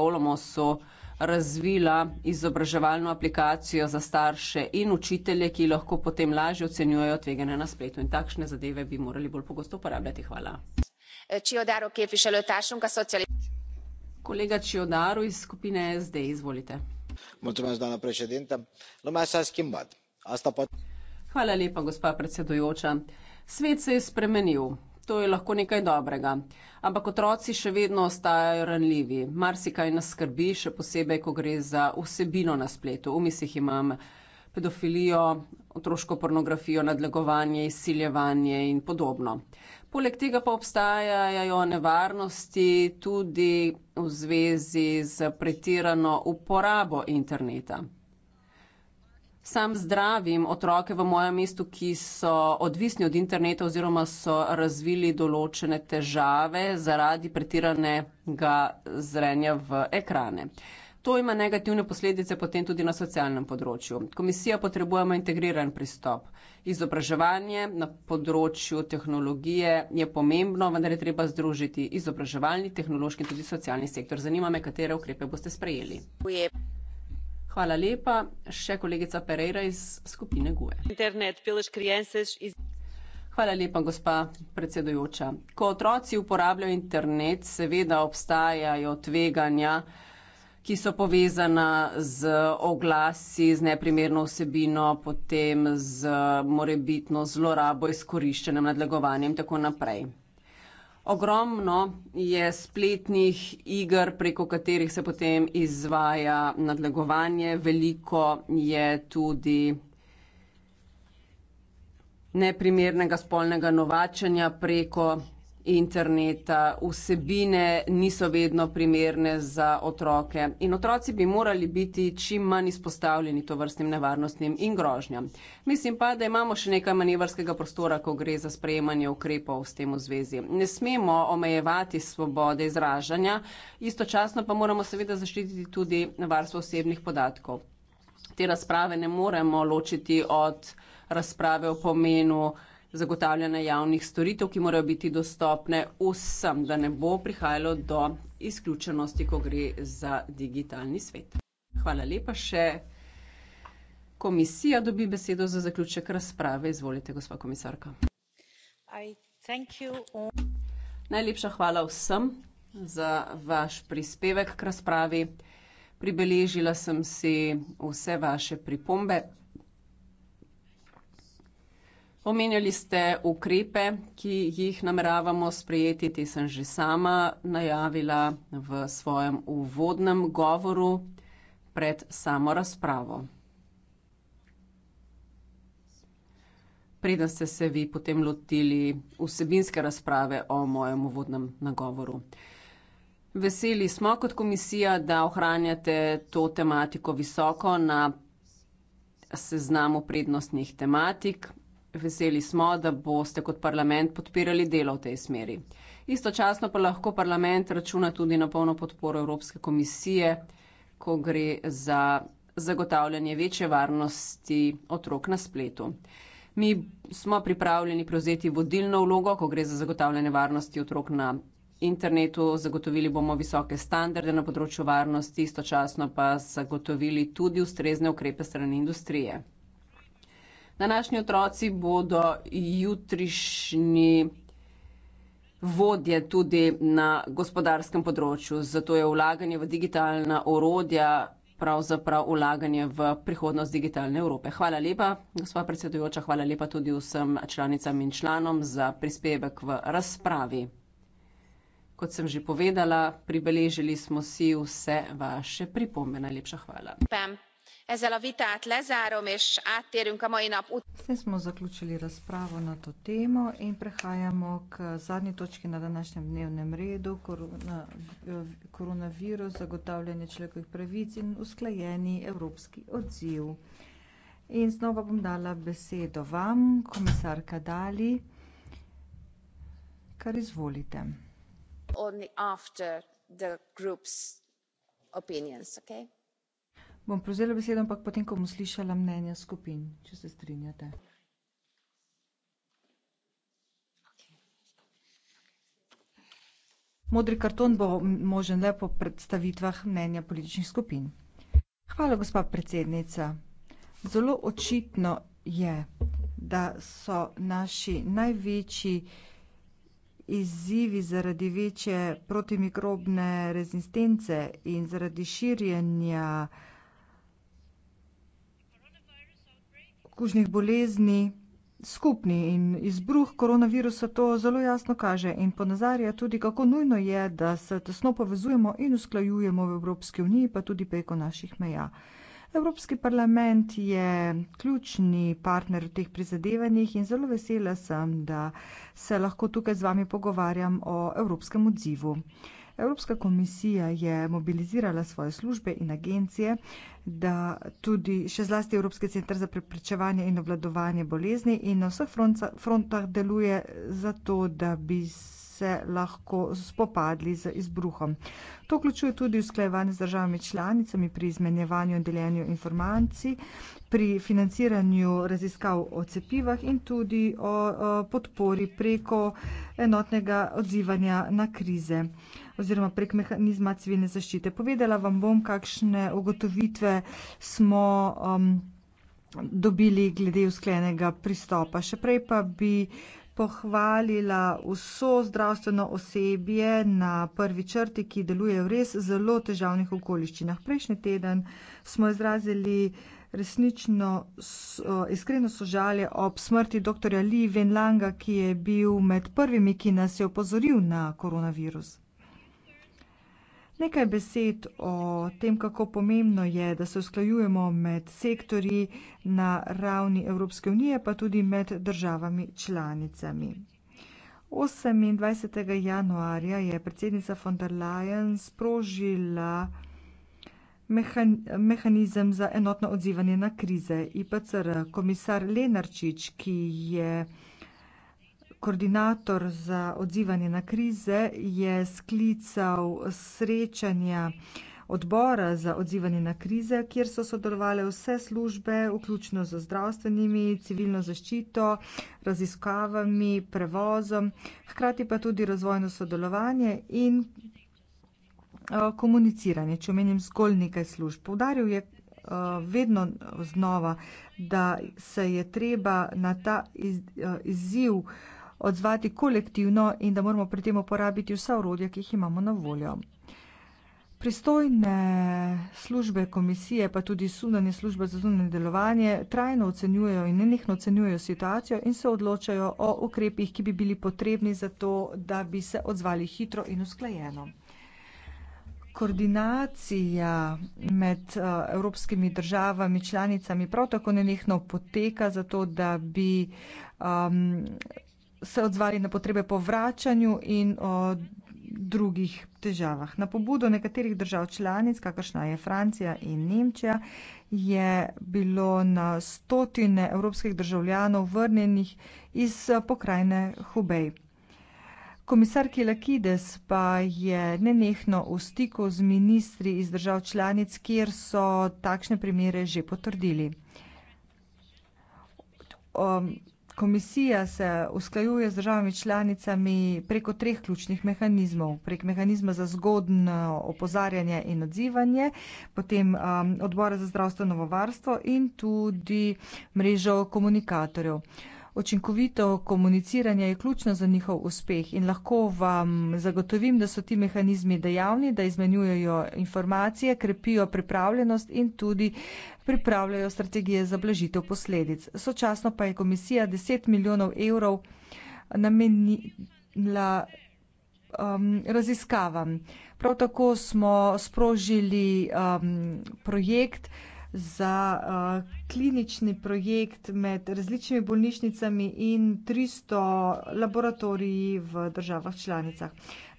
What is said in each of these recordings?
Olomo so razvila izobraževalno aplikacijo za starše in učitelje, ki lahko potem lažje ocenjujejo tvegane na spletu. In takšne zadeve bi morali bolj pogosto uporabljati. Hvala. Kolega Čiodaro iz skupine SD, izvolite. Hvala lepa, gospa predsedujoča. Svet se je spremenil to je lahko nekaj dobrega. Ampak otroci še vedno ostajajo ranljivi. Mar si kaj nas skrbi, še posebej, ko gre za vsebino na spletu. V mislih imam pedofilijo, otroško pornografijo, nadlegovanje, izsiljevanje in podobno. Poleg tega pa obstajajo nevarnosti tudi v zvezi z pretirano uporabo interneta. Sam zdravim otroke v mojem mestu, ki so odvisni od interneta oziroma so razvili določene težave zaradi pretiranega zrenja v ekrane. To ima negativne posledice potem tudi na socialnem področju. Komisija potrebujemo integriran pristop. Izobraževanje na področju tehnologije je pomembno, vendar je treba združiti izobraževalni, tehnološki in tudi socialni sektor. Zanima me, katere ukrepe boste sprejeli. Hvala lepa. Še kolegica Pereira iz skupine GUE. E- Hvala lepa, gospa predsedujoča. Ko otroci uporabljajo internet, seveda obstajajo tveganja, ki so povezana z oglasi, z neprimerno vsebino, potem z morebitno zlorabo, izkoriščanjem, nadlegovanjem in tako naprej. Ogromno je spletnih igr, preko katerih se potem izvaja nadlegovanje, veliko je tudi neprimernega spolnega novačenja preko interneta, vsebine niso vedno primerne za otroke in otroci bi morali biti čim manj izpostavljeni to vrstnim nevarnostnim in grožnjam. Mislim pa, da imamo še nekaj manevrskega prostora, ko gre za sprejemanje ukrepov s tem v zvezi. Ne smemo omejevati svobode izražanja, istočasno pa moramo seveda zaščititi tudi varstvo osebnih podatkov. Te razprave ne moremo ločiti od razprave o pomenu zagotavljanja javnih storitev, ki morajo biti dostopne vsem, da ne bo prihajalo do izključenosti, ko gre za digitalni svet. Hvala lepa še. Komisija dobi besedo za zaključek razprave. Izvolite, gospa komisarka. Najlepša hvala vsem za vaš prispevek k razpravi. Pribeležila sem si vse vaše pripombe. Omenjali ste ukrepe, ki jih nameravamo sprejeti, te sem že sama najavila v svojem uvodnem govoru pred samo razpravo. Preden ste se vi potem lotili vsebinske razprave o mojem uvodnem nagovoru. Veseli smo kot komisija, da ohranjate to tematiko visoko na seznamu prednostnih tematik Veseli smo, da boste kot parlament podpirali delo v tej smeri. Istočasno pa lahko parlament računa tudi na polno podporo Evropske komisije, ko gre za zagotavljanje večje varnosti otrok na spletu. Mi smo pripravljeni prevzeti vodilno vlogo, ko gre za zagotavljanje varnosti otrok na internetu. Zagotovili bomo visoke standarde na področju varnosti, istočasno pa zagotovili tudi ustrezne ukrepe strani industrije. Današnji otroci bodo jutrišnji vodje tudi na gospodarskem področju, zato je vlaganje v digitalna orodja pravzaprav vlaganje v prihodnost digitalne Evrope. Hvala lepa, gospod predsedujoča, hvala lepa tudi vsem članicam in članom za prispevek v razpravi. Kot sem že povedala, pribeležili smo si vse vaše pripombe. Najlepša hvala. Pem ezzel a vitát lezárom és áttérünk a mai nap után. smo zaključili razpravo na to temo in prehajamo k zadnji točki na današnjem dnevnem redu, korona, eh, koronavirus, zagotavljanje človekovih pravic in usklajeni evropski odziv. In znova bom dala besedo vam, komisarka Dali, kar izvolite. Only after the group's opinions, okay? Bom prevzela besedo, ampak potem, ko bom slišala mnenja skupin, če se strinjate. Modri karton bo možen le po predstavitvah mnenja političnih skupin. Hvala, gospa predsednica. Zelo očitno je, da so naši največji izzivi zaradi večje protimikrobne rezistence in zaradi širjenja kužnih bolezni skupni in izbruh koronavirusa to zelo jasno kaže in ponazarja tudi, kako nujno je, da se tesno povezujemo in usklajujemo v Evropski uniji, pa tudi preko naših meja. Evropski parlament je ključni partner v teh prizadevanjih in zelo vesela sem, da se lahko tukaj z vami pogovarjam o evropskem odzivu. Evropska komisija je mobilizirala svoje službe in agencije, da tudi še zlasti Evropski centr za preprečevanje in obladovanje bolezni in na vseh frontah deluje za to, da bi se lahko spopadli z izbruhom. To vključuje tudi usklajevanje z državami članicami pri izmenjevanju in deljenju informacij, pri financiranju raziskav o cepivah in tudi o podpori preko enotnega odzivanja na krize oziroma prek mehanizma civilne zaščite. Povedala vam bom, kakšne ugotovitve smo um, dobili glede usklenega pristopa. Še prej pa bi pohvalila vso zdravstveno osebje na prvi črti, ki deluje v res zelo težavnih okoliščinah. Prejšnji teden smo izrazili resnično so, iskreno sožalje ob smrti dr. Li Venlanga, ki je bil med prvimi, ki nas je opozoril na koronavirus. Nekaj besed o tem, kako pomembno je, da se usklajujemo med sektorji na ravni Evropske unije, pa tudi med državami članicami. 28. januarja je predsednica von der Leyen sprožila mehanizem za enotno odzivanje na krize. IPCR, komisar Lenarčič, ki je koordinator za odzivanje na krize, je sklical srečanja odbora za odzivanje na krize, kjer so sodelovali vse službe, vključno z zdravstvenimi, civilno zaščito, raziskavami, prevozom, hkrati pa tudi razvojno sodelovanje in Eh, komuniciranje, če omenim zgolj nekaj služb. Povdaril je eh, vedno znova, da se je treba na ta eh, izziv odzvati kolektivno in da moramo pri tem uporabiti vsa urodja, ki jih imamo na voljo. Pristojne službe komisije, pa tudi sudanje službe za zunanje delovanje, trajno ocenjujejo in nenehno ocenjujejo situacijo in se odločajo o ukrepih, ki bi bili potrebni za to, da bi se odzvali hitro in usklajeno koordinacija med uh, evropskimi državami, članicami prav tako nenehno poteka za to, da bi um, se odzvali na potrebe po vračanju in o eh, drugih težavah. Na pobudo nekaterih držav članic, kakršna je Francija in Nemčija, je bilo na stotine evropskih državljanov vrnjenih iz eh, pokrajine Hubei. Komisar Kilakides pa je nenehno v stiku z ministri iz držav članic, kjer so takšne primere že potrdili. Um, komisija se usklajuje z državami članicami preko treh ključnih mehanizmov. Prek mehanizma za zgodno opozarjanje in odzivanje, potem um, odbora za zdravstveno varstvo in tudi mrežo komunikatorjev učinkovito komuniciranje je ključno za njihov uspeh in lahko vam zagotovim, da so ti mehanizmi dejavni, da izmenjujejo informacije, krepijo pripravljenost in tudi pripravljajo strategije za blažitev posledic. Sočasno pa je komisija 10 milijonov evrov namenila um, raziskavam. Prav tako smo sprožili um, projekt, za uh, klinični projekt med različnimi bolnišnicami in 300 laboratoriji v državah članicah.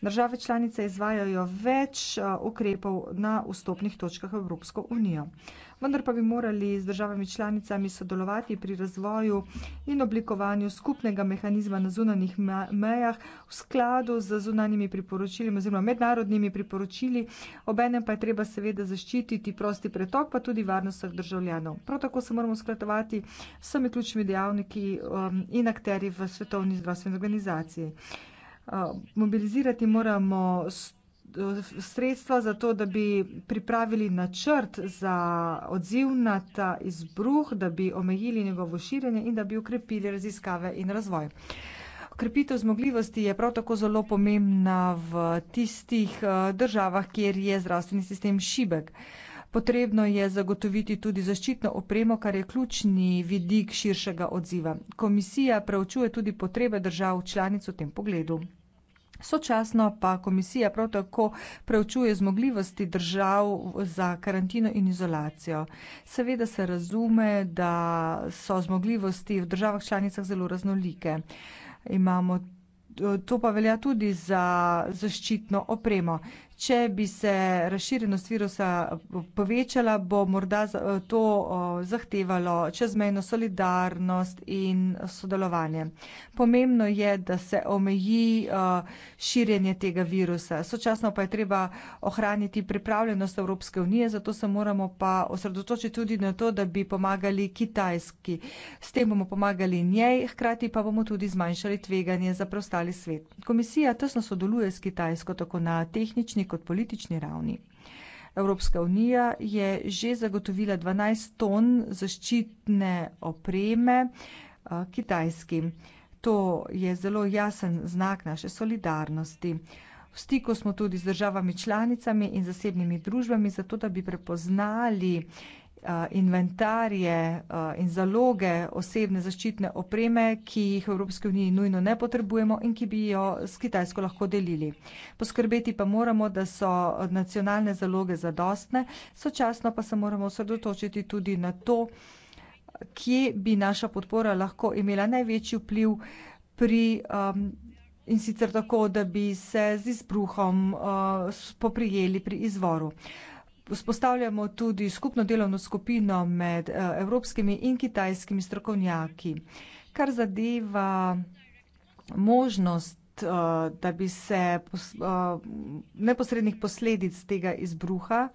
Države članice izvajajo več uh, ukrepov na vstopnih točkah v Evropsko unijo. Uh, vendar pa bi morali z državami članicami sodelovati pri razvoju in oblikovanju skupnega mehanizma na zunanih mejah v skladu z zunanimi priporočili oziroma mednarodnimi priporočili, obenem pa je treba seveda zaščititi prosti pretok, pa tudi varnost vseh državljanov. Prav tako se moramo skratovati s vsemi ključnimi dejavniki um, in akteri v svetovni zdravstveni organizaciji. Uh, mobilizirati moramo 100 sredstva za to, da bi pripravili načrt za odziv na ta izbruh, da bi omejili njegovo širjenje in da bi ukrepili raziskave in razvoj. Krepitev zmogljivosti je prav tako zelo pomembna v tistih eh, državah, kjer je zdravstveni sistem šibek. Potrebno je zagotoviti tudi zaščitno opremo, kar je ključni vidik širšega odziva. Komisija preučuje tudi potrebe držav članic v tem pogledu. Sočasno pa komisija prav tako preučuje zmogljivosti držav za karantino in izolacijo. Seveda se razume, da so zmogljivosti v državah članicah zelo raznolike. Imamo To pa velja tudi za zaščitno opremo. Če bi se razširjenost virusa povečala, bo morda to zahtevalo čezmejno solidarnost in sodelovanje. Pomembno je, da se omeji širjenje tega virusa. Sočasno pa je treba ohraniti pripravljenost Evropske unije, zato se moramo pa osredotočiti tudi na to, da bi pomagali Kitajski. S tem bomo pomagali njej, hkrati pa bomo tudi zmanjšali tveganje za preostali svet. Komisija tesno sodeluje s Kitajsko tako na tehnični kot politični ravni. Evropska unija je že zagotovila 12 ton zaščitne opreme Kitajski. To je zelo jasen znak naše solidarnosti. V stiku smo tudi z državami članicami in zasebnimi družbami, zato da bi prepoznali uh, inventarje in zaloge osebne zaščitne opreme, ki jih v Evropske unije nujno ne potrebujemo in ki bi jo s Kitajsko lahko delili. Poskrbeti pa moramo, da so nacionalne zaloge zadostne, sočasno pa se moramo osredotočiti tudi na to, kje bi naša podpora lahko imela največji vpliv pri. Um, In sicer tako, da bi se z izbruhom uh, poprijeli pri izvoru. Uh, Vzpostavljamo tudi skupno delovno skupino med eh, evropskimi in kitajskimi strokovnjaki. Kar zadeva možnost, eh, da bi se eh, neposrednih posledic tega izbruha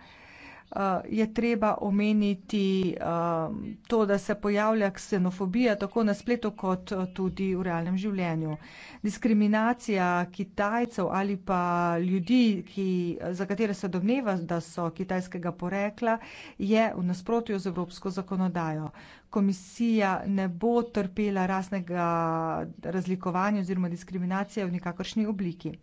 je treba omeniti um, to, da se pojavlja ksenofobija tako na spletu kot uh, tudi v realnem življenju. Diskriminacija Kitajcev ali pa ljudi, ki, za katere se domneva, da so kitajskega porekla, je v nasprotju z evropsko zakonodajo. Komisija ne bo trpela rasnega razlikovanja oziroma diskriminacije v nikakršni obliki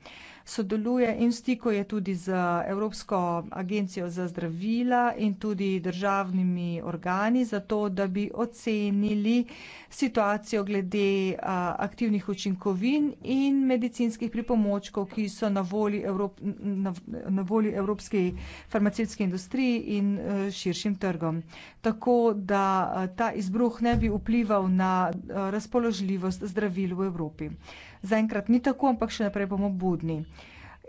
sodeluje in v stiku je tudi z Evropsko agencijo za zdravila in tudi državnimi organi za to, da bi ocenili situacijo glede aktivnih učinkovin in medicinskih pripomočkov, ki so na voli, Evrop, na, na voli Evropski farmacevtski industriji in e, širšim trgom. Tako da ta izbruh ne bi vplival na razpoložljivost zdravil v Evropi. Zaenkrat ni tako, ampak še naprej bomo budni.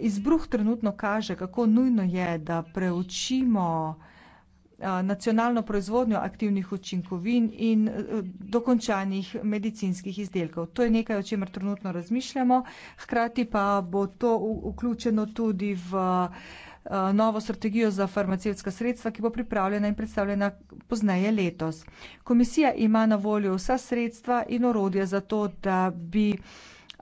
Izbruh trenutno kaže, kako nujno je, da preučimo eh, nacionalno proizvodnjo aktivnih učinkovin in eh, dokončanih medicinskih izdelkov. To je nekaj, o čemer trenutno razmišljamo, hkrati pa bo to vključeno tudi v eh, novo strategijo za farmacevtska sredstva, ki bo pripravljena in predstavljena pozneje letos. Komisija ima na voljo vsa sredstva in orodje za to, da bi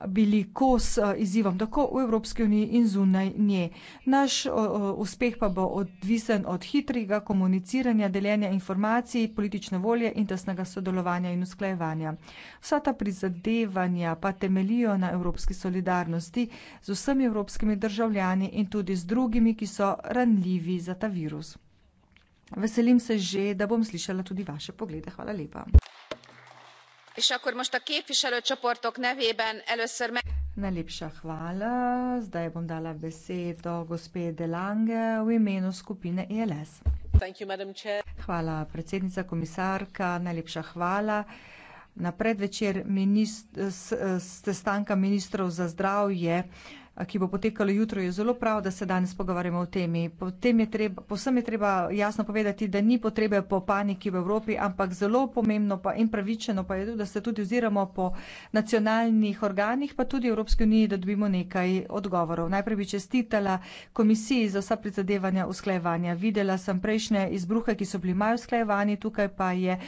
bili kos eh, izzivom tako v Evropski uniji in zunaj nje. Naš eh, eh, uspeh pa bo odvisen od hitrega komuniciranja, deljenja informacij, politične volje in tesnega sodelovanja in usklajevanja. Vsa ta prizadevanja pa temelijo na evropski solidarnosti z vsemi evropskimi državljani in tudi z drugimi, ki so ranljivi za ta virus. Veselim se že, da bom slišala tudi vaše poglede. Hvala lepa. Najlepša hvala. Zdaj bom dala besedo gospe De Lange v imenu skupine ELS. Hvala, predsednica, komisarka, najlepša hvala. Na predvečer sestanka ministrov za zdravje ki bo potekalo jutro, je zelo prav, da se danes pogovarjamo o temi. Potem je treba, posem je treba jasno povedati, da ni potrebe po paniki v Evropi, ampak zelo pomembno pa in pravičeno pa je, da se tudi oziramo po nacionalnih organih, pa tudi Evropske unije, da dobimo nekaj odgovorov. Najprej bi čestitala komisiji za vsa prizadevanja usklajevanja. Videla sem prejšnje izbruhe, ki so bili maj usklajevani, tukaj pa je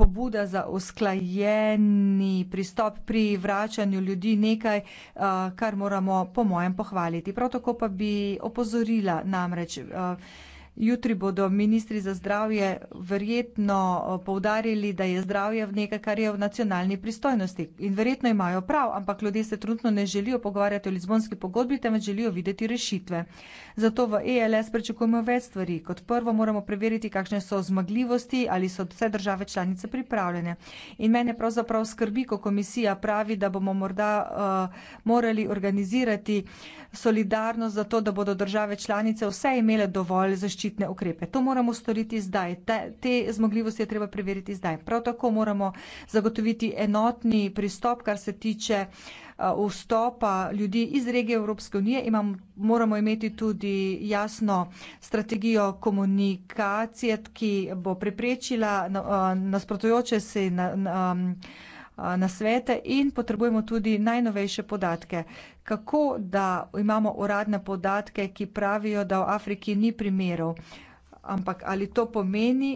pobuda za usklajeni pristop pri vračanju ljudi nekaj, eh, kar moramo po mojem pohvaliti. Prav tako pa bi opozorila namreč. Eh, Jutri bodo ministri za zdravje verjetno eh, povdarili, da je zdravje nekaj, kar je v nacionalni pristojnosti. In verjetno imajo prav, ampak ljudje se trenutno ne želijo pogovarjati o Lizbonski pogodbi, temveč želijo videti rešitve. Zato v ELS pričakujemo več stvari. Kot prvo moramo preveriti, kakšne so zmagljivosti, ali so vse države članice pripravljene. In mene pravzaprav skrbi, ko komisija pravi, da bomo morda uh, morali organizirati solidarnost za to, da bodo države članice vse imele dovolj zaščitnih zaščitne ukrepe. To moramo storiti zdaj. Te, te zmogljivosti je treba preveriti zdaj. Prav tako moramo zagotoviti enotni pristop, kar se tiče vstopa ljudi iz regije Evropske unije. Imam, moramo imeti tudi jasno strategijo komunikacije, ki bo preprečila nasprotujoče se. Na, na, na svete in potrebujemo tudi najnovejše podatke. Kako da imamo uradne podatke, ki pravijo, da v Afriki ni primerov, ampak ali to pomeni,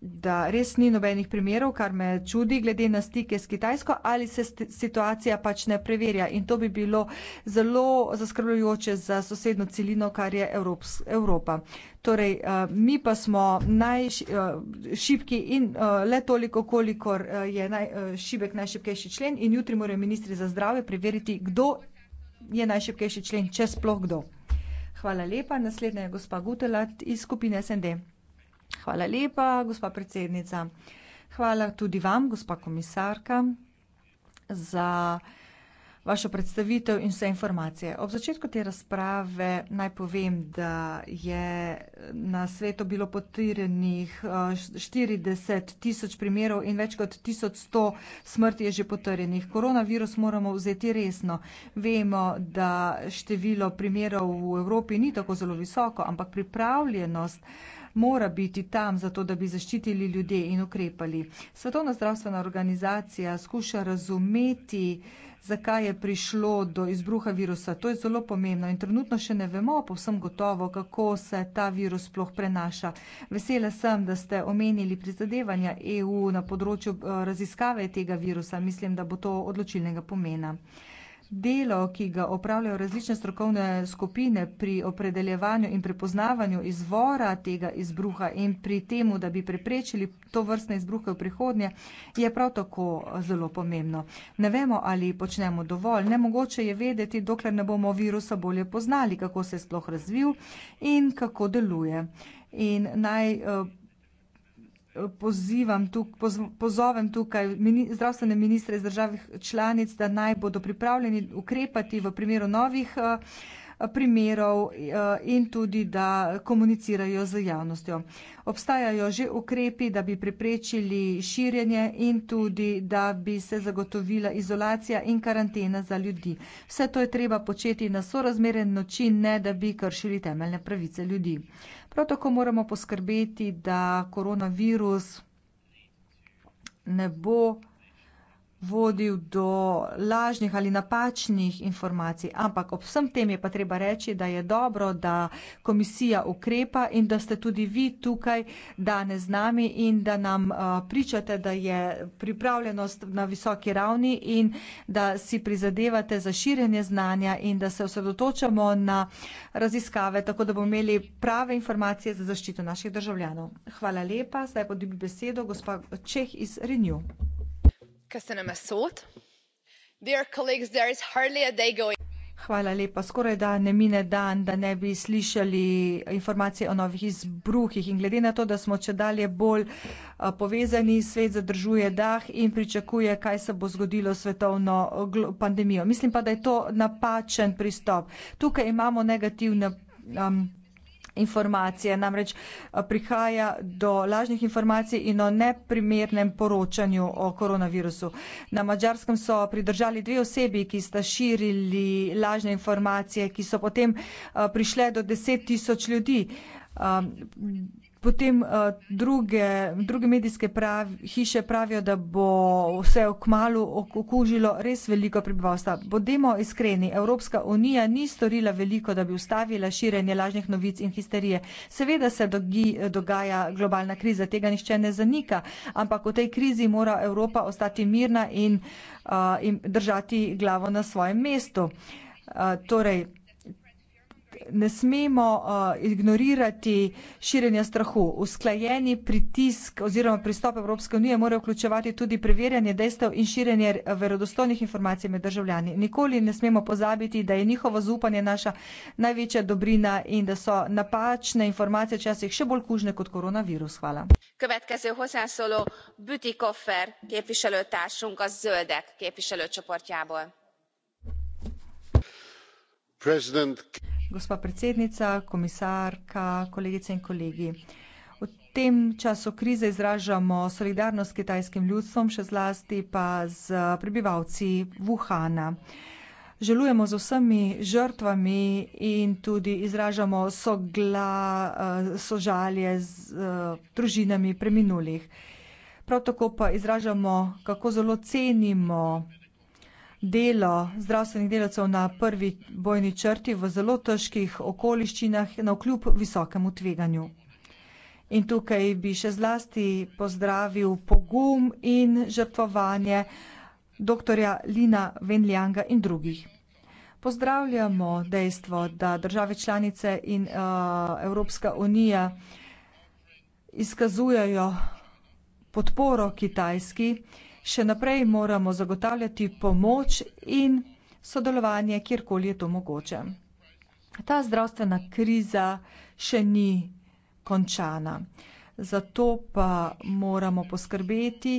da res ni nobenih primerov, kar me čudi, glede na stike s Kitajsko, ali se situacija pač ne preverja. In to bi bilo zelo zaskrbljujoče za sosedno celino, kar je Evrops Evropa. Torej, eh, mi pa smo najšipki eh, in eh, le toliko, kolikor je naj šibek najšipkejši člen in jutri morajo ministri za zdrave preveriti, kdo je najšipkejši člen, če sploh kdo. Hvala lepa. Naslednja je gospa Gutelat iz skupine SND. Hvala lepa, gospa predsednica. Hvala tudi vam, gospa komisarka, za vašo predstavitev in vse informacije. Ob začetku te razprave naj povem, da je na svetu bilo potrjenih 40 eh, tisoč primerov in več kot 1100 smrti je že potrjenih. Koronavirus moramo vzeti resno. Vemo, da število primerov v Evropi ni tako zelo visoko, ampak pripravljenost mora biti tam, zato da bi zaščitili ljudje in ukrepali. Svetovna zdravstvena organizacija skuša razumeti, zakaj je prišlo do izbruha virusa. To je zelo pomembno in trenutno še ne vemo povsem gotovo, kako se ta virus sploh prenaša. Vesela sem, da ste omenili prizadevanja EU na področju eh, raziskave tega virusa. Mislim, da bo to odločilnega pomena delo, ki ga opravljajo različne strokovne skupine pri opredeljevanju in prepoznavanju izvora tega izbruha in pri temu, da bi preprečili to vrstne izbruhe v prihodnje, je prav tako zelo pomembno. Ne vemo, ali počnemo dovolj. Nemogoče je vedeti, dokler ne bomo virusa bolje poznali, kako se je sploh razvil in kako deluje. In naj uh, pozivam tuk, poz, pozovem tukaj mini, zdravstvene ministre iz držav članic, da naj bodo pripravljeni ukrepati v primeru novih uh, primerov eh, in tudi, da komunicirajo z javnostjo. Obstajajo že ukrepi, da bi preprečili širjenje in tudi, da bi se zagotovila izolacija in karantena za ljudi. Vse to je treba početi na sorazmeren način, ne da bi kršili temeljne pravice ljudi. Prav tako moramo poskrbeti, da koronavirus ne bo vodil do lažnih ali napačnih informacij. Ampak ob vsem tem je pa treba reči, da je dobro, da komisija ukrepa in da ste tudi vi tukaj danes z nami in da nam eh, pričate, da je pripravljenost na visoki ravni in da si prizadevate za širjenje znanja in da se osredotočamo na raziskave, tako da bomo imeli prave informacije za zaščito naših državljanov. Hvala lepa. Zdaj pa dobi besedo gospod Čeh iz Renew. Hvala lepa. Skorajda ne mine dan, da ne bi slišali informacije o novih izbruhih. In glede na to, da smo čedalje bolj povezani, svet zadržuje dah in pričakuje, kaj se bo zgodilo s svetovno pandemijo. Mislim pa, da je to napačen pristop. Tukaj imamo negativne. Um, informacije. Namreč eh, prihaja do lažnih informacij in o neprimernem poročanju o koronavirusu. Na Mačarskem so pridržali dve osebi, ki sta širili lažne informacije, ki so potem eh, prišle do deset tisoč ljudi. Eh, Potem uh, druge, druge medijske prav, hiše pravijo, da bo vse okmalu okužilo res veliko prebivalstva. Bodimo iskreni, Evropska unija ni storila veliko, da bi ustavila širenje lažnih novic in histerije. Seveda se dogi, dogaja globalna kriza, tega nišče ne zanika, ampak v tej krizi mora Evropa ostati mirna in, uh, in držati glavo na svojem mestu. Uh, torej, ne smemo uh, ignorirati širjenja strahu. Usklajeni pritisk oziroma pristop Evropske unije mora vključevati tudi preverjanje dejstev in širjenje verodostojnih informacij med državljani. Nikoli ne smemo pozabiti, da je njihovo zaupanje naša največja dobrina in da so napačne informacije včasih še bolj kužne kot koronavirus. Hvala. Predsednik gospa predsednica, komisarka, kolegice in kolegi. V tem času krize izražamo solidarnost s kitajskim ljudstvom, še zlasti pa z prebivalci Wuhana. Želujemo z vsemi žrtvami in tudi izražamo sogla, eh, sožalje z eh, družinami preminulih. Prav tako pa izražamo, kako zelo cenimo delo zdravstvenih delavcev na prvi bojni črti v zelo težkih okoliščinah na vkljub visokemu tveganju. In tukaj bi še zlasti pozdravil pogum in žrtvovanje doktorja Lina Venlianga in drugih. Pozdravljamo dejstvo, da države članice in uh, Evropska unija izkazujejo podporo Kitajski uh, še naprej moramo zagotavljati pomoč in sodelovanje, kjerkoli je to mogoče. Ta zdravstvena kriza še ni končana. Zato pa moramo poskrbeti,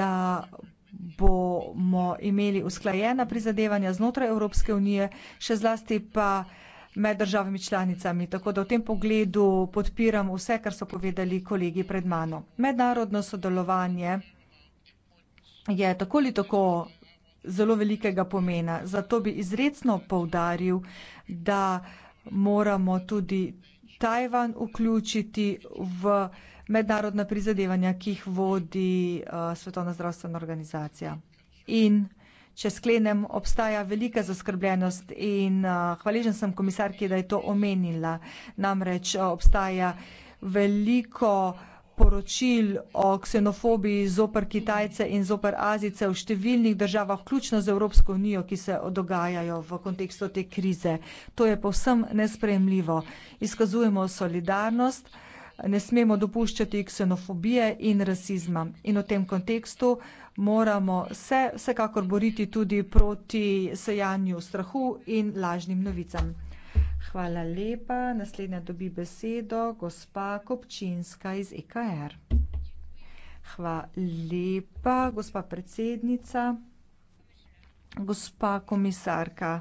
da bomo imeli usklajena prizadevanja znotraj Evropske unije, še zlasti pa med državami članicami. Tako da v tem pogledu podpiram vse, kar so povedali kolegi pred mano. Mednarodno sodelovanje je tako ali tako zelo velikega pomena. Zato bi izredno poudaril, da moramo tudi Tajvan vključiti v mednarodna prizadevanja, ki jih vodi uh, Svetovna zdravstvena organizacija. In če sklenem, obstaja velika zaskrbljenost in uh, hvaležen sem komisarki, da je to omenila. Namreč uh, obstaja veliko uh, poročil o ksenofobiji zoper Kitajce in zoper Azice v številnih državah, vključno z Evropsko unijo, ki se dogajajo v kontekstu te krize. To je povsem nespremljivo. Izkazujemo solidarnost, ne smemo dopuščati ksenofobije in rasizma. In v tem kontekstu moramo se vsekakor boriti tudi proti sejanju strahu in lažnim novicam. Hvala lepa. Naslednja dobi besedo gospa Kopčinska iz EKR. Hvala lepa, gospa predsednica. Gospa komisarka.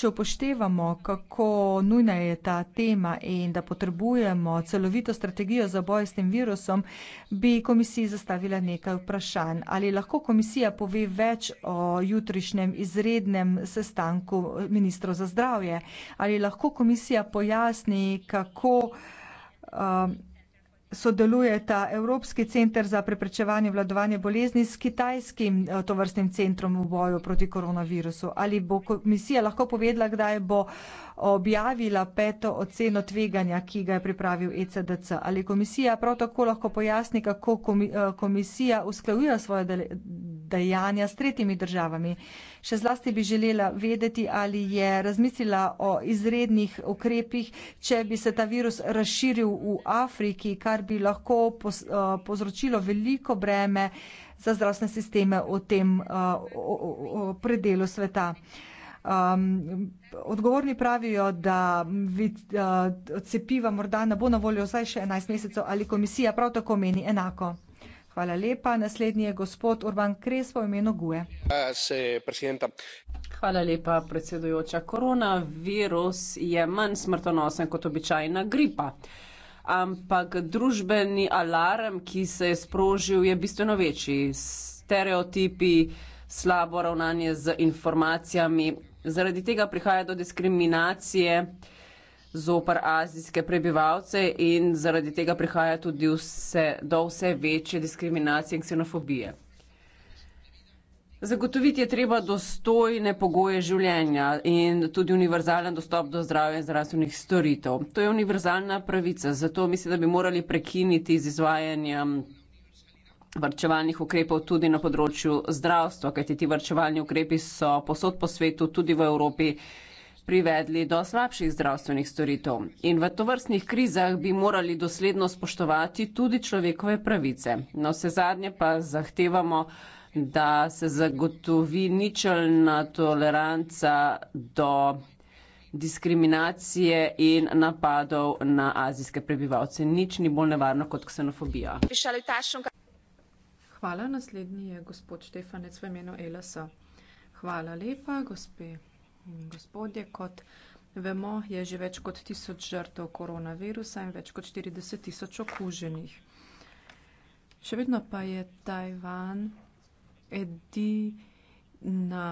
Če upoštevamo, kako nujna je ta tema in da potrebujemo celovito strategijo za boj s tem virusom, bi komisiji zastavila nekaj vprašanj. Ali lahko komisija pove več o jutrišnjem izrednem sestanku ministrov za zdravje? Ali lahko komisija pojasni, kako um, sodelujeta Evropski center za preprečevanje vladovanja bolezni s kitajskim eh, tovrstnim centrom v boju proti koronavirusu. Ali bo komisija lahko povedala, kdaj bo objavila peto oceno tveganja, ki ga je pripravil ECDC? Ali komisija prav tako lahko pojasni, kako eh, komisija usklajuje svoje dejanja s tretjimi državami. Še zlasti bi želela vedeti, ali je razmislila o izrednih ukrepih, če bi se ta virus razširil v Afriki, kar bi lahko eh, povzročilo veliko breme za zdravstvene sisteme v tem eh, predelu sveta. Um, odgovorni pravijo, da eh, cepiva morda ne bo na voljo vsaj še 11 mesecev ali komisija prav tako meni enako. Hvala lepa. Naslednji je gospod Urban Kres v imenu GUE. Hvala lepa, predsedujoča. Koronavirus je manj smrtonosen kot običajna gripa. Ampak družbeni alarm, ki se je sprožil, je bistveno večji. Stereotipi, slabo ravnanje z informacijami. Zaradi tega prihaja do diskriminacije zopr azijske prebivalce in zaradi tega prihaja tudi vse, do vse večje diskriminacije in ksenofobije. Zagotoviti je treba dostojne pogoje življenja in tudi univerzalen dostop do zdravja in zdravstvenih storitev. To je univerzalna pravica, zato mislim, da bi morali prekiniti z izvajanjem varčevalnih ukrepov tudi na področju zdravstva, kajti ti varčevalni ukrepi so posod po svetu, tudi v Evropi, eh, privedli do slabših zdravstvenih storitev. In v tovrstnih krizah bi morali dosledno spoštovati tudi človekove pravice. No, na vse zadnje pa zahtevamo, da se zagotovi ničelna toleranca do diskriminacije in napadov na azijske prebivalce. Nič ni bolj nevarno kot ksenofobija. Hvala, naslednji je gospod Štefanec v imenu Elasa. Hvala lepa, gospe. Gospodje, kot vemo, je že več kot tisoč žrtev koronavirusa in več kot 40 tisoč okuženih. Še vedno pa je Tajvan edina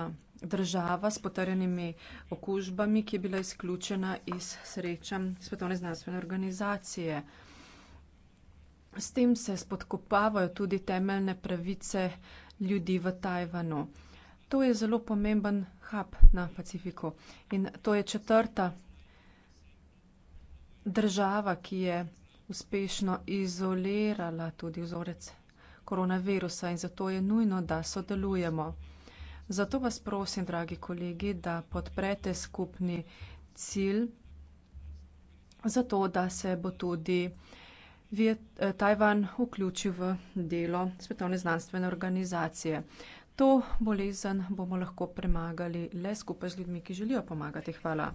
država s potrjenimi okužbami, ki je bila izključena iz srečanj Svetovne znanstvene organizacije. S tem se spodkopavajo tudi temeljne pravice ljudi v Tajvanu. To je zelo pomemben hub na Pacifiku in to je četrta država, ki je uspešno izolirala tudi vzorec koronavirusa in zato je nujno, da sodelujemo. Zato vas prosim, dragi kolegi, da podprete skupni cilj, zato da se bo tudi Tajvan vključil v delo Svetovne znanstvene organizacije. To bolezen bomo lahko premagali le skupaj z ljudmi, ki želijo pomagati. Hvala.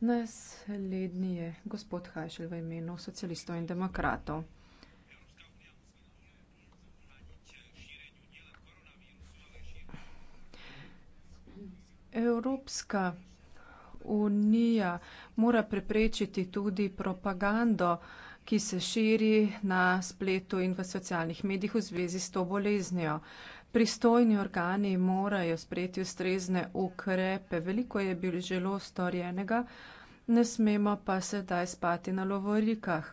Naslednji je gospod Hajšel v imenu socialistov in demokratov. Evropska unija mora preprečiti tudi propagando, ki se širi na spletu in v socialnih medijih v zvezi s to boleznijo. Pristojni organi morajo sprejeti ustrezne ukrepe. Veliko je bilo želo storjenega, ne smemo pa sedaj spati na lovorikah.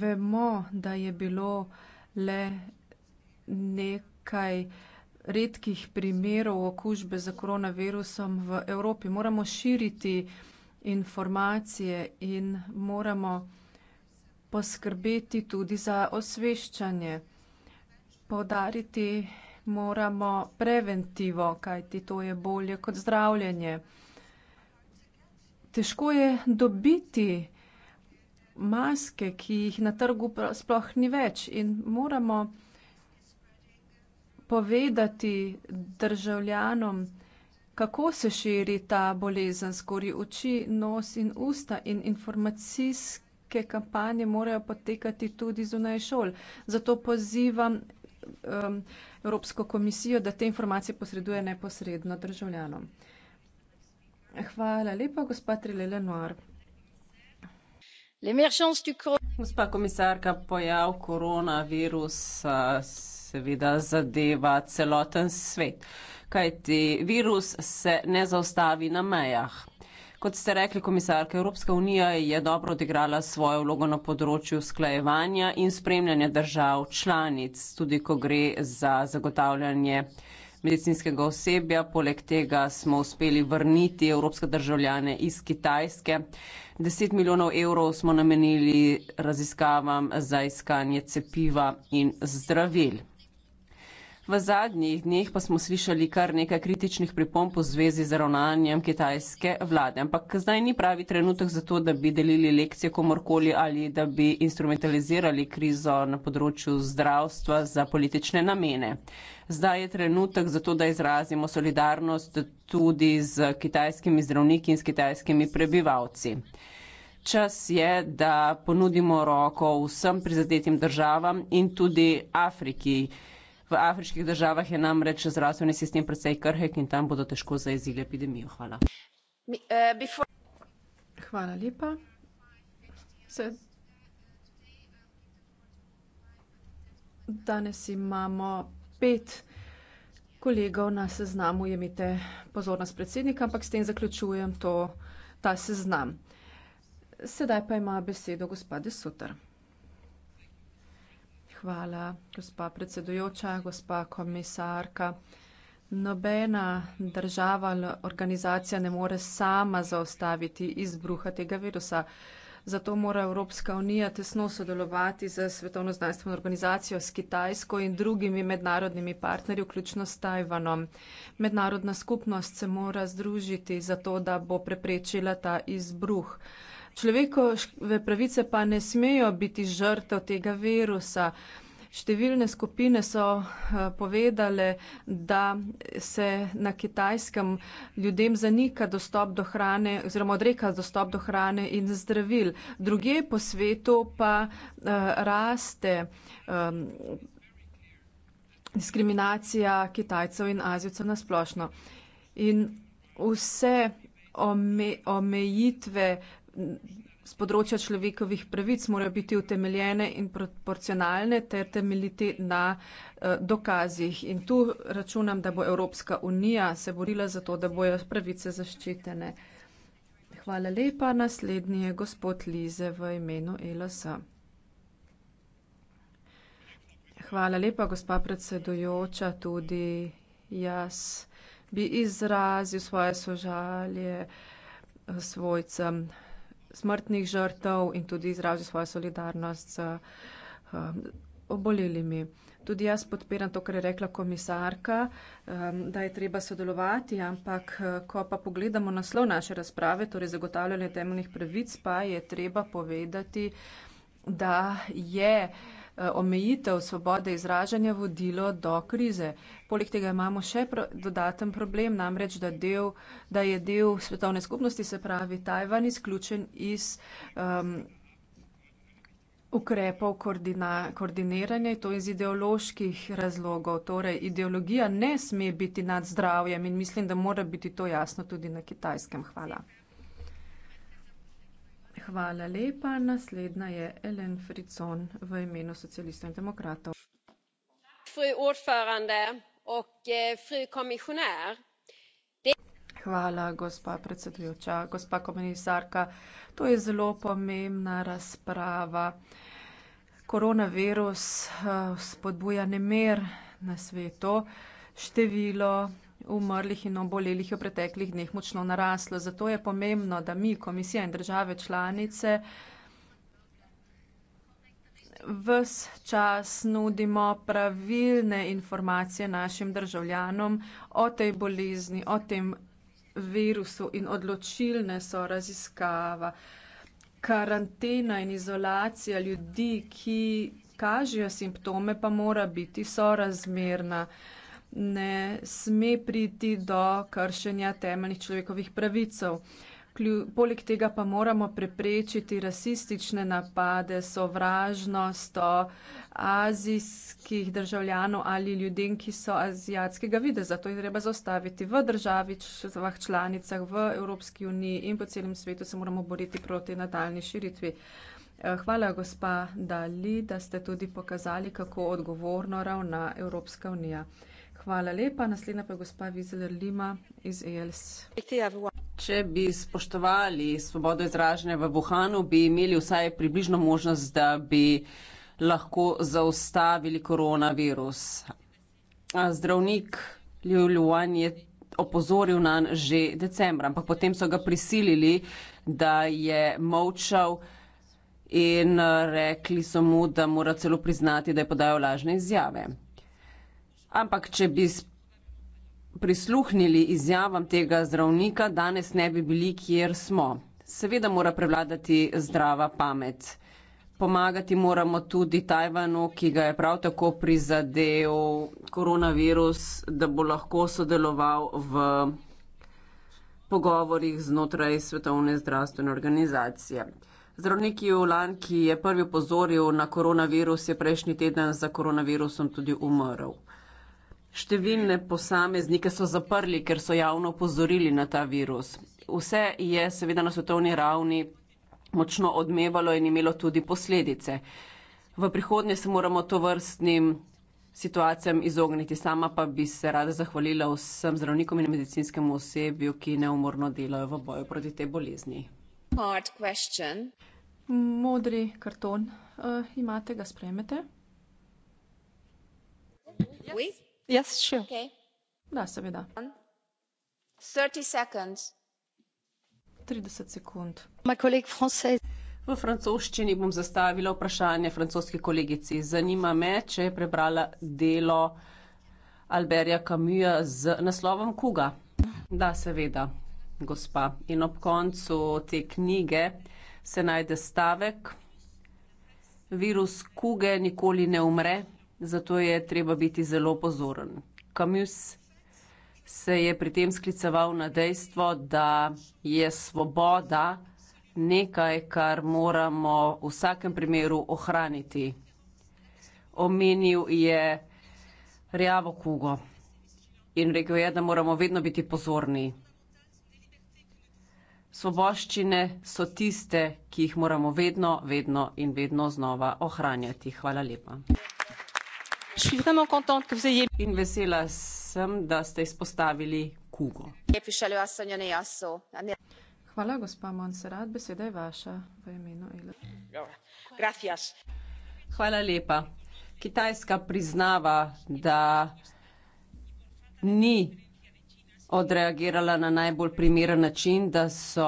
Vemo, da je bilo le nekaj redkih primerov okužbe za koronavirusom v Evropi. Moramo širiti informacije in moramo poskrbeti tudi za osveščanje. Podariti moramo preventivo, kajti to je bolje kot zdravljenje. Težko je dobiti maske, ki jih na trgu sploh ni več in moramo povedati državljanom, kako se širi ta bolezen skori oči, nos in usta in informacijske kampanje morajo potekati tudi zunaj šol. Zato pozivam um, Evropsko komisijo, da te informacije posreduje neposredno državljanom. Hvala lepa, gospa Trilele Noir. Gospa komisarka, pojav koronavirus uh, seveda zadeva celoten svet, kajti virus se ne zaustavi na mejah. Kot ste rekli, komisarka Evropska unija je dobro odigrala svojo vlogo na področju sklajevanja in spremljanja držav članic, tudi ko gre za zagotavljanje medicinskega osebja. Poleg tega smo uspeli vrniti evropske državljane iz Kitajske. 10 milijonov evrov smo namenili raziskavam za iskanje cepiva in zdravil. V zadnjih dneh pa smo slišali kar nekaj kritičnih pripomp v zvezi z ravnanjem kitajske vlade, ampak zdaj ni pravi trenutek za to, da bi delili lekcije komorkoli ali da bi instrumentalizirali krizo na področju zdravstva za politične namene. Zdaj je trenutek za to, da izrazimo solidarnost tudi z kitajskimi zdravniki in s kitajskimi prebivalci. Čas je, da ponudimo roko vsem prizadetim državam in tudi Afriki. V afriških državah je namreč zdravstveni sistem precej krhek in tam bodo težko zajezili epidemijo. Hvala. Eh, Hvala lepa. Danes imamo pet kolegov na seznamu, imejte pozornost predsednika, ampak s tem zaključujem to, ta seznam. Sedaj pa ima besedo gospa De Sutter. Hvala, gospa predsedujoča, gospa komisarka. Nobena država ali organizacija ne more sama zaustaviti izbruha tega virusa. Zato mora Evropska unija tesno sodelovati z Svetovno znanstveno organizacijo, s Kitajsko in drugimi mednarodnimi partnerji, vključno s Tajvanom. Mednarodna skupnost se mora združiti zato, da bo preprečila ta izbruh. Človekove pravice pa ne smejo biti žrtev tega virusa. Številne skupine so eh, povedale, da se na kitajskem ljudem zanika dostop do hrane oziroma odreka dostop do hrane in zdravil. Druge po svetu pa eh, raste ehm, diskriminacija kitajcev in azijcev nasplošno. In vse omejitve z področja človekovih pravic morajo biti utemeljene in proporcionalne ter temeljiti na eh, dokazih. In tu računam, da bo Evropska unija se borila za to, da bojo pravice zaščitene. Hvala lepa. Naslednji je gospod Lize v imenu LS. Hvala lepa, gospa predsedujoča, tudi jaz bi izrazil svoje sožalje eh, svojcem smrtnih žrtev in tudi izrazi svojo solidarnost z um, obolelimi. Tudi jaz podpiram to, kar je rekla komisarka, um, da je treba sodelovati, ampak uh, ko pa pogledamo naslov naše razprave, torej zagotavljanje temeljnih pravic, pa je treba povedati, da je. Eh, omejitev svobode izražanja vodilo do krize. Poleg tega imamo še pro, dodaten problem, namreč, da, del, da je del svetovne skupnosti, se pravi Tajvan, izključen iz um, ukrepov koordina, koordiniranja in to iz ideoloških razlogov. Torej, ideologija ne sme biti nad zdravjem in mislim, da mora biti to jasno tudi na kitajskem. Hvala hvala lepa. Naslednja je Ellen Fritzon v imenu socialistov in demokratov. Eh, hvala, gospa predsedujoča, gospa komisarka. To je zelo pomembna razprava. Koronavirus eh, spodbuja nemer na svetu. Število umrlih in obolelih v preteklih dneh močno naraslo. Zato je pomembno, da mi, komisija in države članice, Ves čas nudimo pravilne informacije našim državljanom o tej bolezni, o tem virusu in odločilne so raziskava. Karantena in izolacija ljudi, ki kažejo simptome, pa mora biti sorazmerna ne sme priti do kršenja temeljnih človekovih pravicov. Poleg tega pa moramo preprečiti rasistične napade, sovražnost do azijskih državljanov ali ljudem, ki so azijskega vida. Zato je treba zaustaviti v državi, v članicah, v Evropski uniji in po celem svetu se moramo boriti proti nadaljni širitvi. Eh, hvala, gospa Dali, da ste tudi pokazali, kako odgovorno ravna Evropska unija. Hvala lepa. Naslednja pa je gospa Vizeler Lima iz ELS. Če bi spoštovali svobodo izražanja v Wuhanu, bi imeli vsaj približno možnost, da bi lahko zaustavili koronavirus. Zdravnik Liu Luan je opozoril nam že decembra, ampak potem so ga prisilili, da je molčal in rekli so mu, da mora celo priznati, da je podajal lažne izjave. Ampak, če bi prisluhnili izjavam tega zdravnika, danes ne bi bili, kjer smo. Seveda mora prevladati zdrava pamet. Pomagati moramo tudi Tajvanu, ki ga je prav tako prizadel koronavirus, da bo lahko sodeloval v pogovorjih znotraj Svetovne zdravstvene organizacije. Zdravnik Jolan, ki je prvi pozoril na koronavirus, je prejšnji teden za koronavirusom tudi umrl številne posameznike so zaprli, ker so javno opozorili na ta virus. Vse je seveda na svetovni ravni močno odmevalo in imelo tudi posledice. V prihodnje se moramo to vrstnim situacijam izogniti. Sama pa bi se rada zahvalila vsem zdravnikom in medicinskemu osebju, ki neumorno delajo v boju proti tej bolezni. Modri karton uh, imate, ga sprejmete? Yes v francoščini bom zastavila vprašanje francoski kolegici zanima me če je prebrala delo alberta camusa z naslovom kuga da seveda gospa in ob koncu te knjige se najde stavek virus kuge nikoli ne umre zato je treba biti zelo pozoren. Kamus se je pri tem skliceval na dejstvo, da je svoboda nekaj, kar moramo v vsakem primeru ohraniti. Omenil je rjavo kugo in rekel je, da moramo vedno biti pozorni. Svoboščine so tiste, ki jih moramo vedno, vedno in vedno znova ohranjati. Hvala lepa in vesela sem da ste izpostavili kugo. Hvala, gospa Monserrat, beseda je vaša v imenu EL. Hvala lepa. Kitajska priznava, da ni odreagirala na najbolj primeren način, da so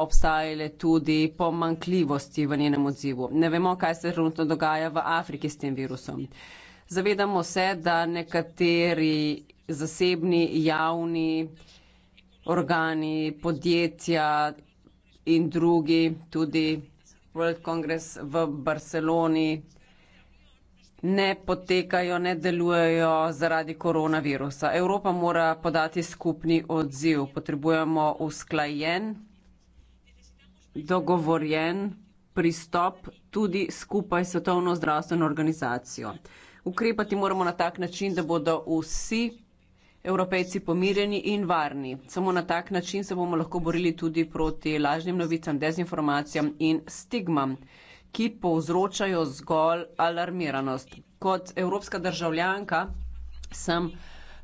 obstajale tudi pomanjkljivosti v njenem odzivu. Ne vemo, kaj se trenutno dogaja v Afriki s tem virusom. Zavedamo se, da nekateri zasebni, javni organi, podjetja in drugi, tudi World Congress v Barceloni, ne potekajo, ne delujejo zaradi koronavirusa. Evropa mora podati skupni odziv. Potrebujemo usklajen, dogovorjen pristop tudi skupaj s Svetovno zdravstveno organizacijo ukrepati moramo na tak način, da bodo vsi evropejci pomirjeni in varni. Samo na tak način se bomo lahko borili tudi proti lažnim novicam, dezinformacijam in stigmam, ki povzročajo zgolj alarmiranost. Kot evropska državljanka sem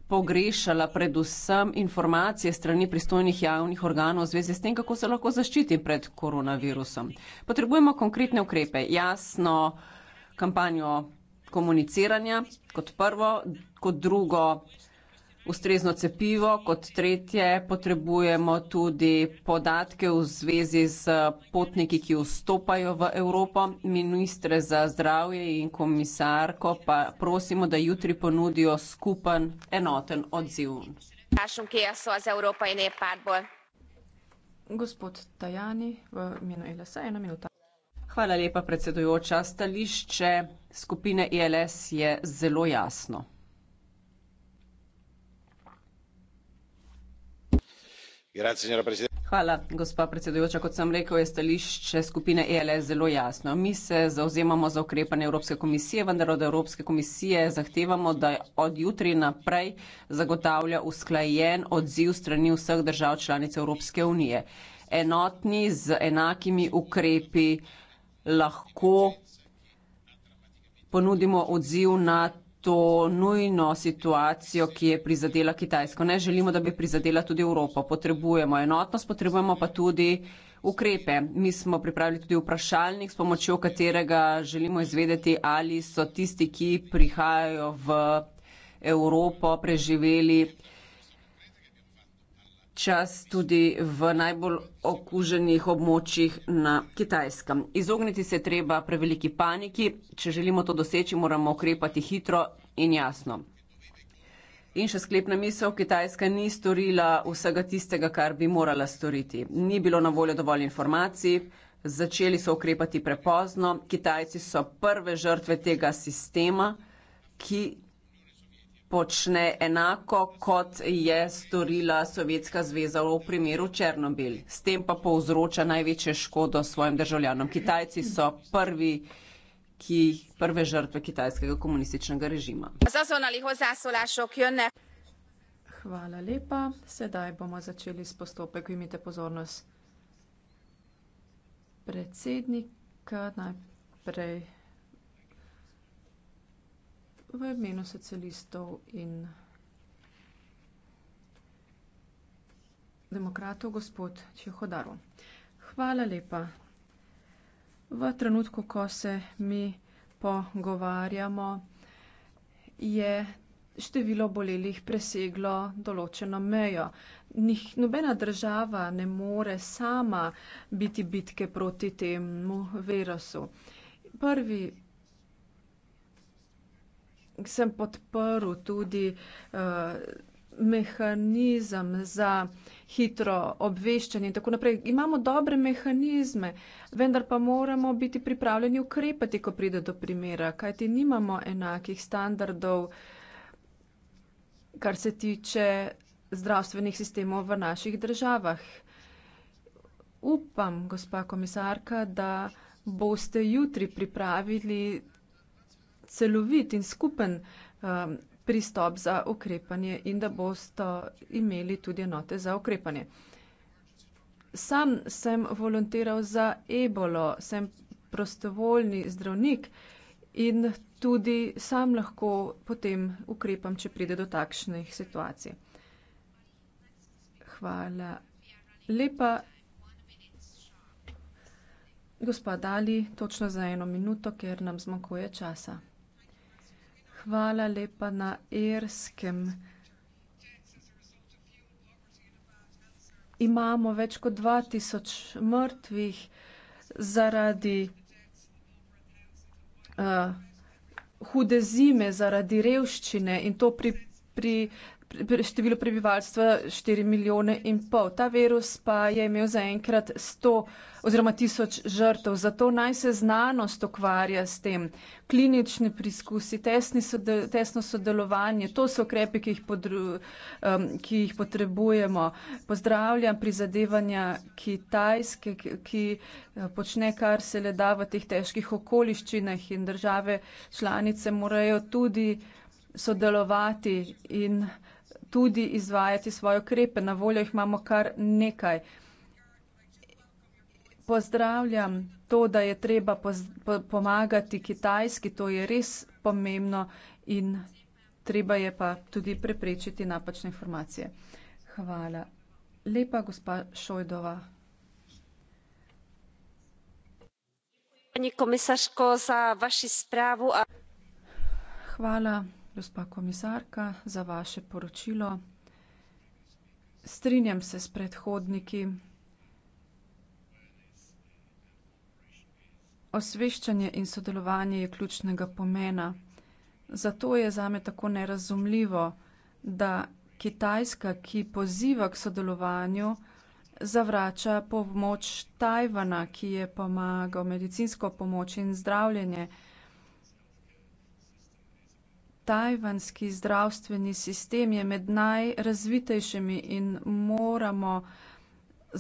pogrešala predvsem informacije strani pristojnih javnih organov v zvezi s tem, kako se lahko zaščiti pred koronavirusom. Potrebujemo konkretne ukrepe, jasno kampanjo komuniciranja, kot prvo, kot drugo, ustrezno cepivo, kot tretje, potrebujemo tudi podatke v zvezi s potniki, ki vstopajo v Evropo. Ministre za zdravje in komisarko pa prosimo, da jutri ponudijo skupen enoten odziv. Gospod Tajani, v imenu LSE, ena minuta. Hvala lepa, predsedujoča. Stališče skupine ILS e je zelo jasno. Hvala, gospa predsedujoča. Kot sem rekel, je stališče skupine ILS e zelo jasno. Mi se zavzemamo za ukrepanje Evropske komisije, vendar od Evropske komisije zahtevamo, da od jutri naprej zagotavlja usklajen odziv strani vseh držav članic Evropske unije. Enotni z enakimi ukrepi, lahko ponudimo odziv na to nujno situacijo, ki je prizadela Kitajsko. Ne želimo, da bi prizadela tudi Evropo. Potrebujemo enotnost, potrebujemo pa tudi ukrepe. Mi smo pripravili tudi vprašalnik, s pomočjo katerega želimo izvedeti, ali so tisti, ki prihajajo v Evropo, preživeli čas tudi v najbolj okuženih območjih na Kitajskem. Izogniti se treba preveliki paniki, če želimo to doseči, moramo ukrepati hitro in jasno. In še sklepna misel, Kitajska ni storila vsega tistega, kar bi morala storiti. Ni bilo na voljo dovolj informacij, začeli so ukrepati prepozno. Kitajci so prve žrtve tega sistema, ki počne enako, kot je storila Sovjetska zveza v primeru Černobil. S tem pa povzroča največje škodo svojim državljanom. Kitajci so prvi, ki, prve žrtve kitajskega komunističnega režima. Hvala lepa. Sedaj bomo začeli s postopek. Imite pozornost. Predsednik najprej v imenu socialistov in demokratov, gospod Čehodaru. Hvala lepa. V trenutku, ko se mi pogovarjamo, je število bolelih preseglo določeno mejo. Nih, nobena država ne more sama biti bitke proti temu virusu. Prvi sem podprl tudi eh, mehanizem za hitro obveščanje in tako naprej. Imamo dobre mehanizme, vendar pa moramo biti pripravljeni ukrepati, ko pride do primera, kajti nimamo enakih standardov, kar se tiče zdravstvenih sistemov v naših državah. Upam, gospa komisarka, da boste jutri pripravili celovit in skupen um, pristop za ukrepanje in da boste imeli tudi enote za ukrepanje. Sam sem volontiral za ebolo, sem prostovoljni zdravnik in tudi sam lahko potem ukrepam, če pride do takšnih situacij. Hvala lepa. Gospod Dali, točno za eno minuto, ker nam zmanjkuje časa hvala lepa na Irskem. Imamo več kot dva tisoč mrtvih zaradi uh, hude zime, zaradi revščine in to pri, pri uh, število prebivalstva 4 milijone in pol. Ta virus pa je imel zaenkrat 100 oziroma 1000 žrtev, zato naj se znanost okvarja s tem. Klinični priskusi, sodel, tesno sodelovanje, to so ukrepe, ki, um, ki jih potrebujemo. Pozdravljam prizadevanja Kitajske, ki eh, počne kar se le da v teh težkih okoliščinah in države članice morajo tudi sodelovati in tudi izvajati svoje ukrepe. Na voljo jih imamo kar nekaj. Pozdravljam to, da je treba pomagati Kitajski, to je res pomembno in treba je pa tudi preprečiti napačne informacije. Hvala. Lepa gospa Šojdova. Hvala Gospa komisarka, za vaše poročilo. Strinjam se s predhodniki. Osveščanje in sodelovanje je ključnega pomena. Zato je zame tako nerazumljivo, da Kitajska, ki poziva k sodelovanju, zavrača pomoč Tajvana, ki je pomagal medicinsko pomoč in zdravljenje tajvanski zdravstveni sistem je med najrazvitejšimi in moramo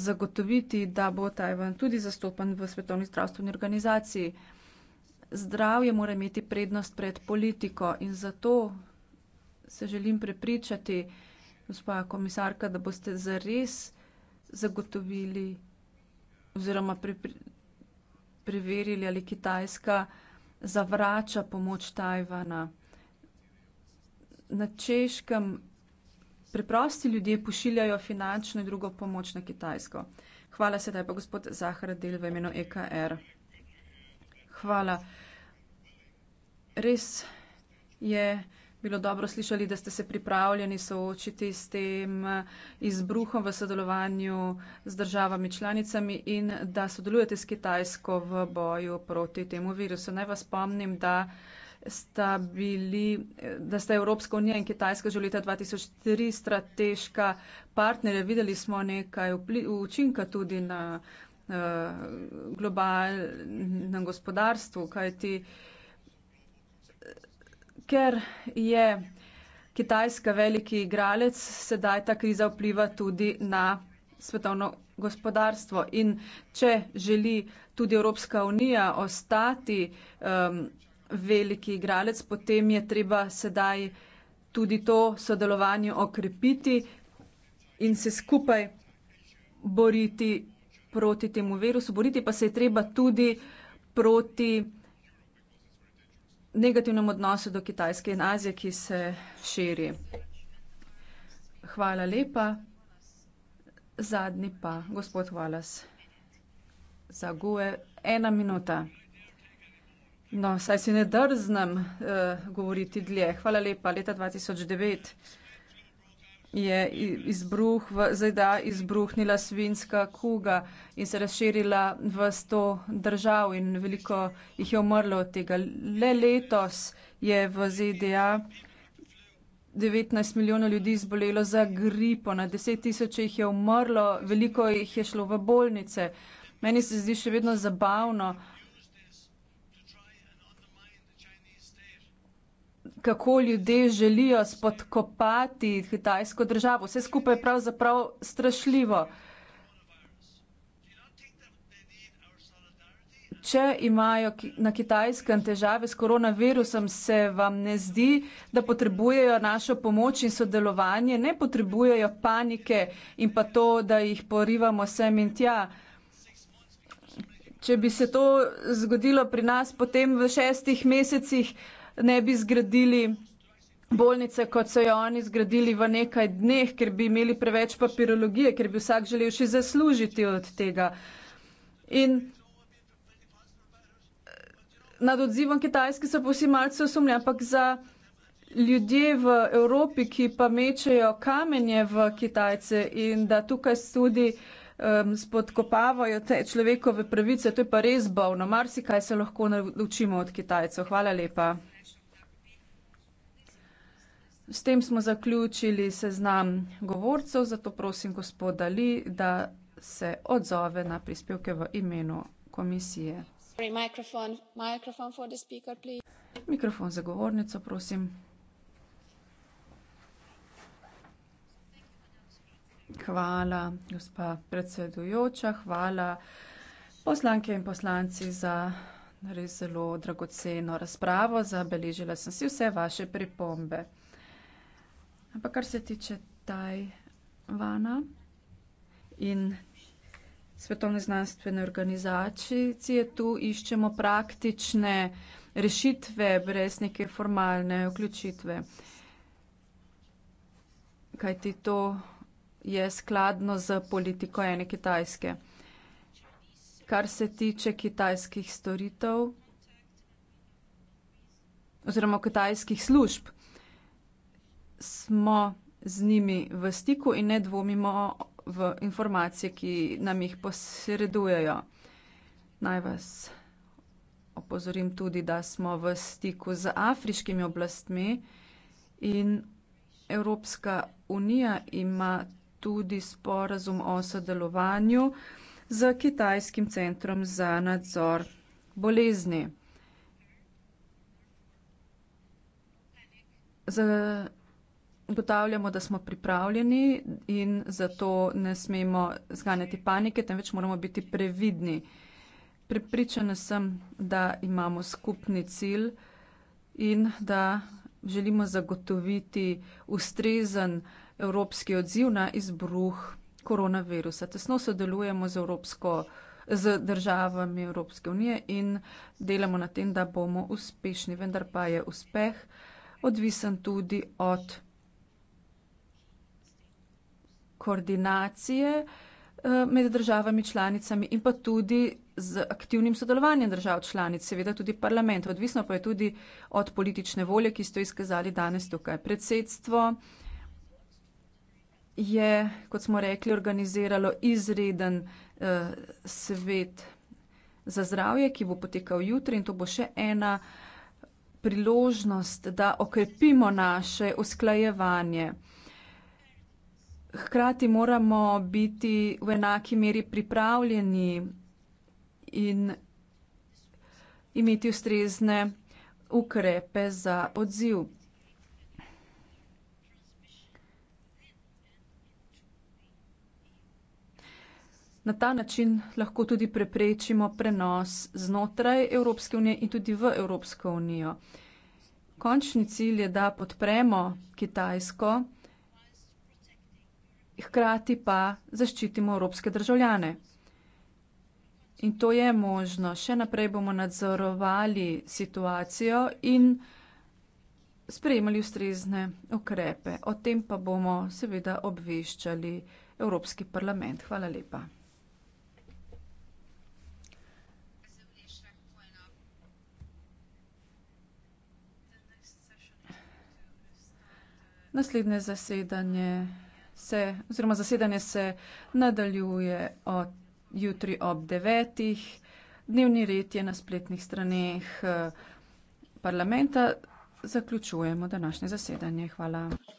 zagotoviti, da bo Tajvan tudi zastopan v svetovni zdravstveni organizaciji. Zdravje mora imeti prednost pred politiko in zato se želim prepričati, gospa komisarka, da boste zares zagotovili oziroma preverili, ali Kitajska zavrača pomoč Tajvana na češkem preprosti ljudje pošiljajo finančno in drugo pomoč na Kitajsko. Hvala sedaj pa gospod Zahar Del v imenu EKR. Hvala. Res je bilo dobro slišali, da ste se pripravljeni soočiti s tem izbruhom v sodelovanju z državami članicami in da sodelujete s Kitajsko v boju proti temu virusu. Naj vas spomnim, da sta bili, da sta Evropska unija in Kitajska že leta 2003 strateška partnerja. Videli smo nekaj učinka tudi na eh, globalnem gospodarstvu, kajti ker je Kitajska veliki igralec, sedaj ta kriza vpliva tudi na svetovno gospodarstvo. In če želi tudi Evropska unija ostati um, veliki igralec, potem je treba sedaj tudi to sodelovanje okrepiti in se skupaj boriti proti temu virusu. Boriti pa se je treba tudi proti negativnemu odnosu do Kitajske in Azije, ki se širi. Hvala lepa. Zadnji pa, gospod Hvalas. Zaguje ena minuta. No, saj si ne drznem uh, govoriti dlje. Hvala lepa. Leta 2009 je izbruh v ZDA izbruhnila svinska kuga in se razširila v 100 držav in veliko jih je umrlo od tega. Le letos je v ZDA 19 milijonov ljudi zbolelo za gripo, na 10 tisoč jih je umrlo, veliko jih je šlo v bolnice. Meni se zdi še vedno zabavno. kako ljudje želijo spodkopati kitajsko državo. Vse skupaj je pravzaprav strašljivo. Če imajo na kitajskem težave s koronavirusom, se vam ne zdi, da potrebujejo našo pomoč in sodelovanje, ne potrebujejo panike in pa to, da jih porivamo sem in tja. Če bi se to zgodilo pri nas, potem v šestih mesecih uh, ne bi zgradili bolnice, kot so jo oni zgradili v nekaj dneh, ker bi imeli preveč papirologije, ker bi vsak želel še zaslužiti od tega. In nad odzivom Kitajske so vsi malce osumni, ampak za ljudje v Evropi, ki pa mečejo kamenje v Kitajce in da tukaj tudi um, spodkopavajo te človekove pravice, to je pa res bolno. Marsikaj se lahko naučimo od Kitajcev. Hvala lepa. S tem smo zaključili seznam govorcev, zato prosim gospoda Li, da se odzove na prispevke v imenu komisije. Sorry, microphone. Microphone for the speaker, Mikrofon za govornico, prosim. Hvala, gospa predsedujoča, hvala poslanke in poslanci za res zelo dragoceno razpravo. Zabeležila sem si vse vaše pripombe. Ampak kar se tiče Tajvana in svetovne znanstvene organizacije, tu iščemo praktične rešitve brez neke formalne vključitve. Kaj ti to je skladno z politiko ene kitajske. Kar se tiče kitajskih storitev oziroma kitajskih služb, smo z njimi v stiku in ne dvomimo v informacije, ki nam jih posredujejo. Naj vas opozorim tudi, da smo v stiku z afriškimi oblastmi in Evropska unija ima tudi sporazum o sodelovanju z Kitajskim centrom za nadzor bolezni. Za ugotavljamo, da smo pripravljeni in zato ne smemo zganjati panike, temveč moramo biti previdni. Pripričana sem, da imamo skupni cilj in da želimo zagotoviti ustrezen evropski odziv na izbruh koronavirusa. Tesno sodelujemo z, Evropsko, z državami Evropske unije in delamo na tem, da bomo uspešni, vendar pa je uspeh odvisen tudi od koordinacije eh, med državami članicami in pa tudi z aktivnim sodelovanjem držav članic, seveda tudi parlamenta. Odvisno pa je tudi od politične volje, ki ste izkazali danes tukaj. Predsedstvo je, kot smo rekli, organiziralo izreden eh, svet za zdravje, ki bo potekal jutri in to bo še ena priložnost, da okrepimo naše usklajevanje hkrati moramo biti v enaki meri pripravljeni in imeti ustrezne ukrepe za odziv. Na ta način lahko tudi preprečimo prenos znotraj Evropske unije in tudi v Evropsko unijo. Končni cilj je, da podpremo Kitajsko hkrati pa zaščitimo evropske državljane. In to je možno. Še naprej bomo nadzorovali situacijo in sprejemali ustrezne ukrepe. O tem pa bomo seveda obveščali Evropski parlament. Hvala lepa. Naslednje zasedanje se, oziroma zasedanje se nadaljuje od jutri ob devetih. Dnevni red je na spletnih straneh eh, parlamenta. Zaključujemo današnje zasedanje. Hvala.